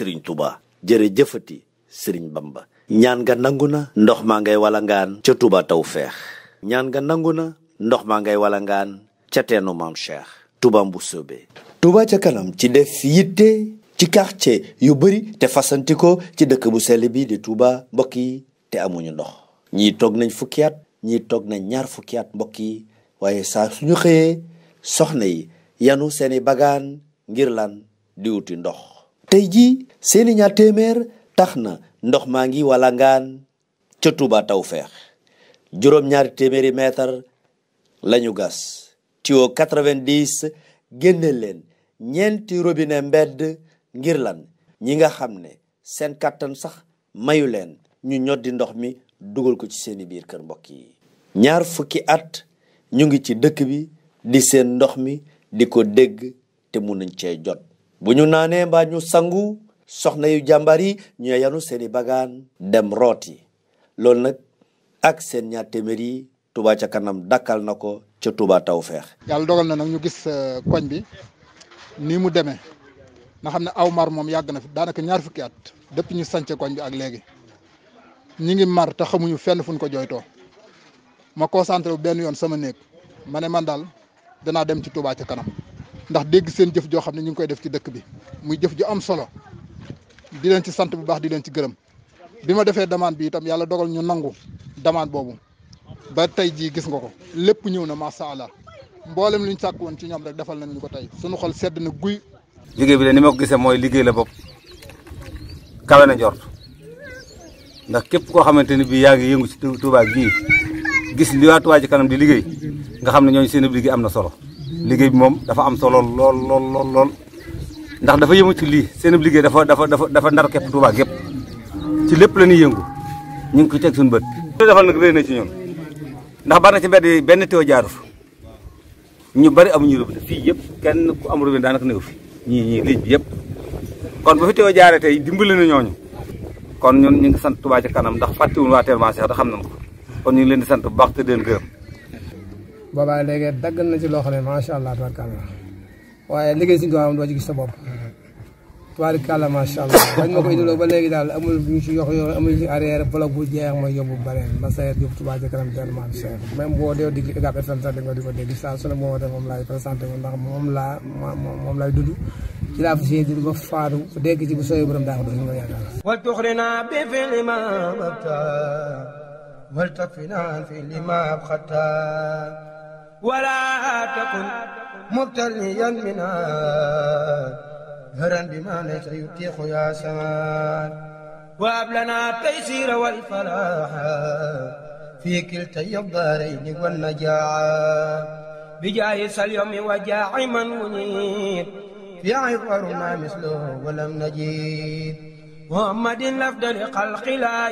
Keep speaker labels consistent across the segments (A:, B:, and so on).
A: Serigne Touba jërëjëfati Serigne Bamba ñaan nga nangu na ndox maa ngay walangaan ca tuba taw feex ñaan nga nangu na ndox maa ngay walangaan ca teenu Maam Cheikh Touba Mboussobé tuba ca kanam ci def yitte ci quartier yu bari te fasantiko ci dëkk bu sell bi di Touba mbokk yi te amuñu ndox ñii toog nañ fukki ñii toog nañ ñaar fukki at mbokk yi waaye saa suñu xëyee soxna yi yanu seeni bagaan ngir lan di wuti ndox tey jii seeni ñaar téeméer tax na ndox maa ngi ngaan ca Touba Tawfeex juróom-ñaari téeméeri mètre lañu gas tuyau 90 génne leen ñeenti robine mbedd ngir lan ñi nga xam ne seen kàttan sax mayu leen ñu ñoddi ndox mi dugal ko ci seeni biir kër mbokk yi ñaar fukki at ñu ngi ci dëkk bi di seen ndox mi di ko dégg te mun nañ cee jot bu ñu naanee mbaa ñu sangu soxna yu jàmbaar yi ñu yanu seeni bagaan dem rooti loolu nag ak seen ñaar téeméer yi ca kanam dakkal na ko ca Touba feex
B: yàlla dogal na nag ñu
C: gis euh, koñ bi nii mu demee nga xam ne aw mar moom yàgg na fi daanaka ñaar fukki at depuis ñu sance koñ bi ak léegi ñi ngi mar te xamuñu fenn fu ñu ko jooytoo ma concentré bu benn yoon sama néeg ma ne man daal danaa dem ci Touba ca kanam. ndax dégg seen jëf joo xam ne ñu ngi koy def ci dëkk bi muy jëf ju am solo di leen ci sant bu baax di leen ci gërëm bi ma defee demande bi itam yàlla dogal ñu nangu demande boobu ba tey jii gis nga ko lépp ñëw na macha allah mboolem lu ñu sàkk woon ci ñoom rek defal nañ ñu ko tey suñu xol sedd na guy. liggéey bi de ni ma gisee mooy liggéey la bopp kawe na njort ndax képp koo xamante ni bii yaa ngi yëngu ci Touba gii gis li waa Touba ci kanam di liggéey nga xam ne ñooñu seen liggéey am na solo. liggéey bi moom dafa am solo lool lool lool lool ndax dafa yëmu ci lii seen liggéey dafa dafa dafa dafa ndar képp Touba gépp ci lépp la ñuy yëngu ñu ngi ko teg suñu bët. li defal nag réer na ci ñun ndax bari na benn teew jaaruf ñu bari amuñu robinet fii yëpp kenn ku am robinet daanaka néew fi ñii ñii ligne bi yëpp kon bu fi teew jaaree tey dimbali na ñooñu kon ñun ñu ngi sant Touba a kanam ndax fàttewuñu waa Télé Mans Cheikh da xam nañ ko kon ñu ngi leen di sant bu baax te di leen
B: boobaa léegi daggal na ci loo xam ne macha allah tabaarkalla waaye liggéey si doomam doo ci gis sa bopp tabaarkalla macha allah bañ ma ko indiloo ba léegi daal amul ñu ci yokk yoon amul ci arrière bu jeex mooy yóbbu bare ma sayet yóbbu Touba ca kanam tellement cher même boo dee digg Ucab FM sax di nga di ko dégg saa su ne moo def moom laay présenté moom ndax moom laa moom laay dudd ci laa fas yéene ba faatu dégg ci bu sooyee borom daa ko doon nga yaakaar wa tuxrina ولا تكن مبتليا منها هرا بما ليس يتيح يا سمان وهب لنا التيسير والفلاح في كلتي الدارين والنجاعة بجايس اليوم وجاع من ونيت في عبر ما مثله ولم نجيد محمد الأفضل خلق الله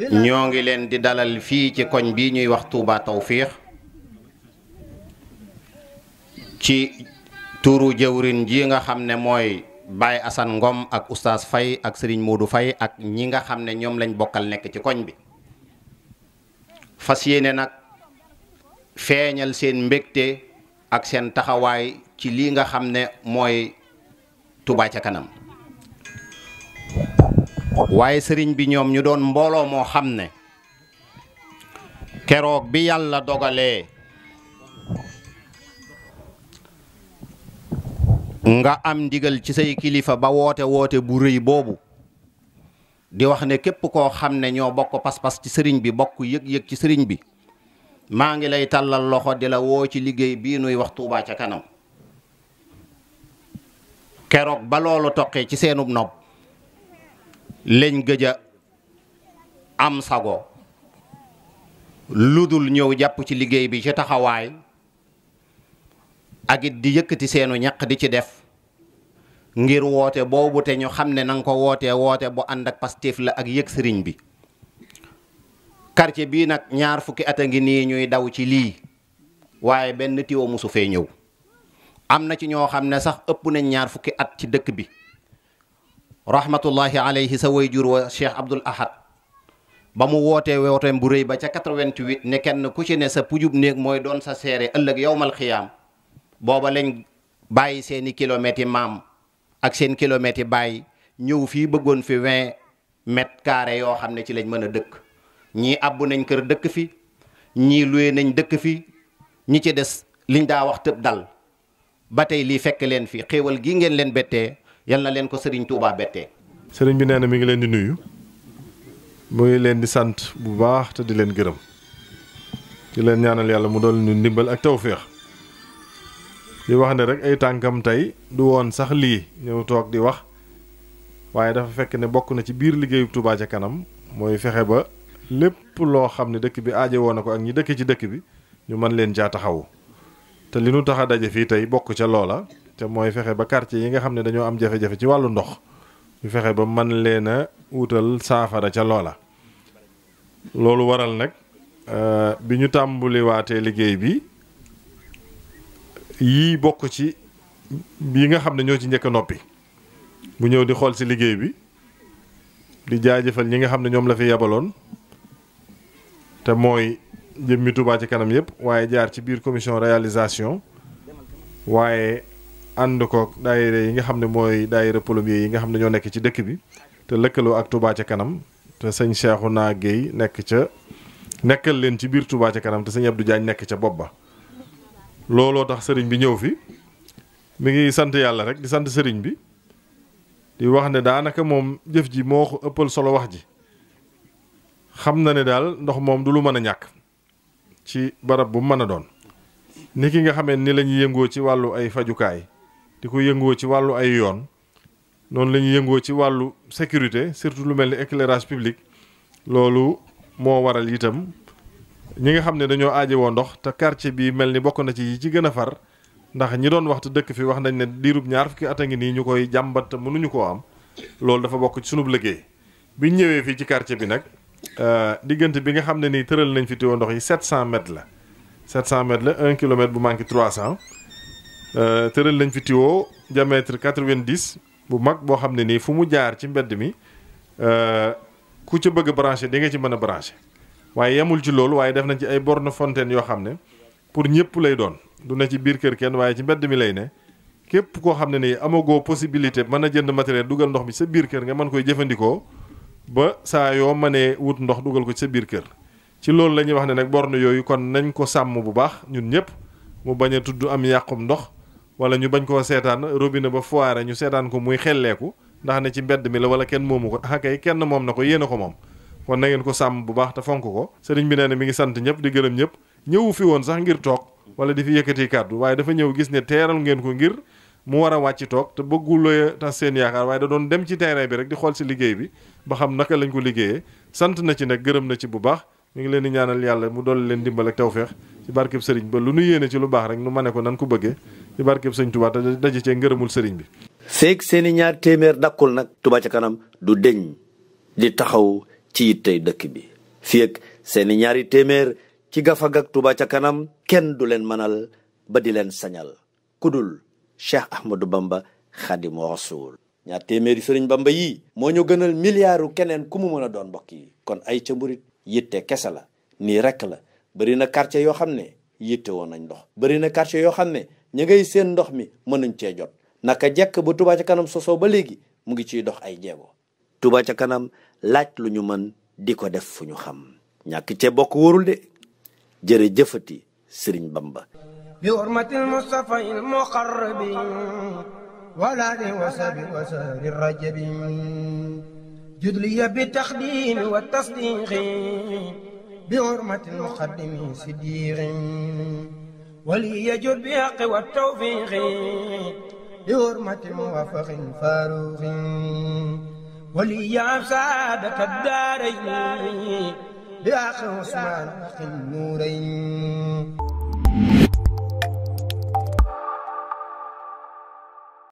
B: ñoo
C: ngi leen di dalal fii ci koñ bii ñuy wax Touba Tawfiq ci tuuru jëwrin ji nga xam ne mooy Baye Assane Ngom ak Oustaz Faye ak Serigne Modou Faye ak ñi nga xam ne ñoom lañ bokkal nekk ci koñ bi fas yéene nag feeñal seen mbégte ak seen taxawaay ci lii nga xam ne mooy Touba ca kanam waaye sëriñ bi ñoom ñu doon mbooloo moo xam ne keroog bi yàlla dogalee nga am ndigal ci say kilifa ba woote woote bu rëy boobu di wax ne képp koo xam ne ñoo bokk pas-pas ci sëriñ bi bokk yëg-yëg ci sëriñ bi maa ngi lay tàllal loxo di la woo ci liggéey bi nuy wax Tuubaa ca kanam keroog ba loolu toqee ci seenub nopp lañ gëj a am sago ludul ñëw jàpp ci liggéey bi ci taxawaay ak di yëkkati seenu ñaq di ci def ngir woote boobu te ñu xam ne nanga ko wootee woote bu ànd ak pastéef la ak yëg sëriñ bi quartier bii nag ñaar fukki at a ngi nii ñuy daw ci lii waaye benn tiwo musu fee ñëw am na ci ñoo xam ne sax ëpp nañ ñaar fukki at ci dëkk bi rahmatullahi alayhi sa jur wa Cheikh Abdoul Ahad ba mu wootee wooteem bu rëy ba ca 88 ne kenn ku ci ne sa pujub néeg mooy doon sa seere ëllëg yowmal xiyaam booba lañ bàyyi seeni kilomètres yi maam ak seen kilomètres yi bàyyi ñëw fii bëggoon fi vingt mètres carrés yoo xam ne ci lañ mën a dëkk ñii abbu nañ kër dëkk fi ñii luye nañ dëkk fi ñi ci des liñ daa wax tëb dal ba tey lii fekk leen fi xéewal gii ngeen leen bettee yal na leen ko sëriñ Touba bettee.
D: sëriñ bi nee na mi ngi leen di nuyu mu ngi leen di sant bu baax te di leen gërëm di leen ñaanal yàlla mu doon ñu ndimbal ak tawféex li wax ne rek ay tànkam tey du woon sax lii ñëw toog di wax waaye dafa fekk ne bokk na ci biir liggéeyu tubaa ca kanam mooy fexe ba lépp loo xam ne dëkk bi aje woon na ko ak ñi dëkk ci dëkk bi ñu mën leen caa taxawu te li nu tax a daje fii tey bokk ca loola te mooy fexe ba quartier yi nga xam ne dañoo am jafe-jafe ci wàllu ndox ñu fexe ba mën leen a wutal saafara ca loola loolu waral nag euh, bi ñu tàmbaliwaatee liggéey bi yii bokk ci yi nga xam ne ñoo ci njëkk a noppi bu ñëw di xool si liggéey bi di jaajëfal ñi nga xam ne ñoom la fi yabaloon te mooy jëmmi Touba ca kanam yëpp waaye jaar ci biir commission réalisation waaye ànd ko daayira yi nga xam ne mooy daayira plombier yi nga xam ne ñoo nekk ci dëkk bi te lëkkaloo ak tubaa ca kanam te sëñ Cheikhouna Guèye nekk ca nekkal leen ci biir Touba ca kanam te sëñ Abdou Diagne nekk ca bopp ba looloo tax sëriñ bi ñëw fi mi ngi sant yàlla rek di sant sëriñ bi di wax ne daanaka moom jëf ji moo ko ëppal solo wax ji xam na ne daal ndox moom du lu mën a ñàkk ci barab bu mu mën a doon nit ki nga xamee ni la yëngoo ci wàllu ay fajukaay di ko yëngoo ci wàllu ay yoon noonu la ñuy yëngoo ci wàllu sécurité surtout lu mel ni éclairage public loolu moo waral itam ñi nga xam ne dañoo aajowoo ndox te quartier bi mel ni bokk na ci yi ci gën a far ndax ñi doon waxtu dëkk fi wax nañ ne diirub ñaar fukki at a ngi nii ñu koy jàmbat mënuñu koo am loolu dafa bokk ci sunub liggéey bi ñëwee fii ci quartier bi nag euh, diggante bi nga xam ne nii tëral nañ fi tiwo ndox yi 700 mètres la 700 la 1 kilomètre bu manqué 300 euh, tëral nañ fi tiwo diamètre 90 bu mag boo xam ne nii fu mu jaar ci mbedd mi euh, ku ca bëgg a branché di nga ci mën a branché. waaye yemul ci loolu waaye def nañ ci ay borne fontaine yoo xam ne pour ñëpp lay doon du ne ci biir kër kenn waaye ci mbedd mi lay ne képp koo xam ne ni amagoo possibilité mën a jënd matériel dugal ndox mi sa biir kër nga mën koy jëfandikoo ba saa yoo mënee wut ndox dugal ko ci sa biir kër ci loolu la ñuy wax ne nag borne yooyu kon nañ ko sàmm bu baax ñun ñëpp mu bañ a tudd am yàqum ndox wala ñu bañ koo seetaan robine ba foire ñu seetaan ko muy xelleeku ndax ci mbedd mi la wala kenn moomu ko xakay ah kenn moom na ko yéene ko moom kon na ngeen ko sàmm bu baax te fonk ko sëriñ bi nee na mi ngi sant ñëpp di gërëm ñëpp ñëwu fi woon sax ngir toog wala di fi yëkkati kàddu waaye dafa ñëw gis ne teeral ngeen ko ngir mu war a wàcc toog te bëgguloo tas seen yaakaar waaye da doon dem ci terrain bi rek di xool si liggéey bi ba xam naka lañ ko liggéeyee sant na ci nag gërëm na ci bu baax mu ngi leen di ñaanal yàlla mu dolli leen dimbal ak tawféex ci barkeb sëriñ ba lu nu yéene ci lu baax rek nu mane ko nan ko bëggee ci barkeb sëriñ Tuubaa te daje cee ngërëmul sëriñ bi. feeg seeni ñaar téeméer dakkul
A: nag Touba ca kanam du deñ taxaw ci yittey dëkk bi fii ak seeni ñaari téeméer ci gafag ak ca kanam kenn du leen mënal ba di leen sañal kudul Cheikh Ahmadou Bamba Xadimu Rasuul ñaar téeméeri sëriñ Bamba yii moo ñu gënal miliyaaru keneen ku mu mën a doon mbokk kon ay ca mburit yitte kese la nii rekk la bëri na quartier yoo xam ne yitte woon nañ ndox bëri na quartier yoo xam ne ña ngay seen ndox mi mën mënuñ cee jot naka jekk ba Touba ca kanam sosoo ba léegi mu ngi ciy dox ay jéego Touba ca kanam laaj lu ñu mën di ko def fu ñu xam ñàkk cee bokk wóorul de jërë jëfati sëriñ Bamba
B: bi hurmatil Mustafa il muqarrabi walaali wasabi wasabi judliya bi taxdimi wa tasdiqi bi hurmatil muqaddimi siddiqi waliya jur wa tawfiqi bi hurmatil muwafaqin faaruqi وليا سعادة الدارين بأخ عثمان في النورين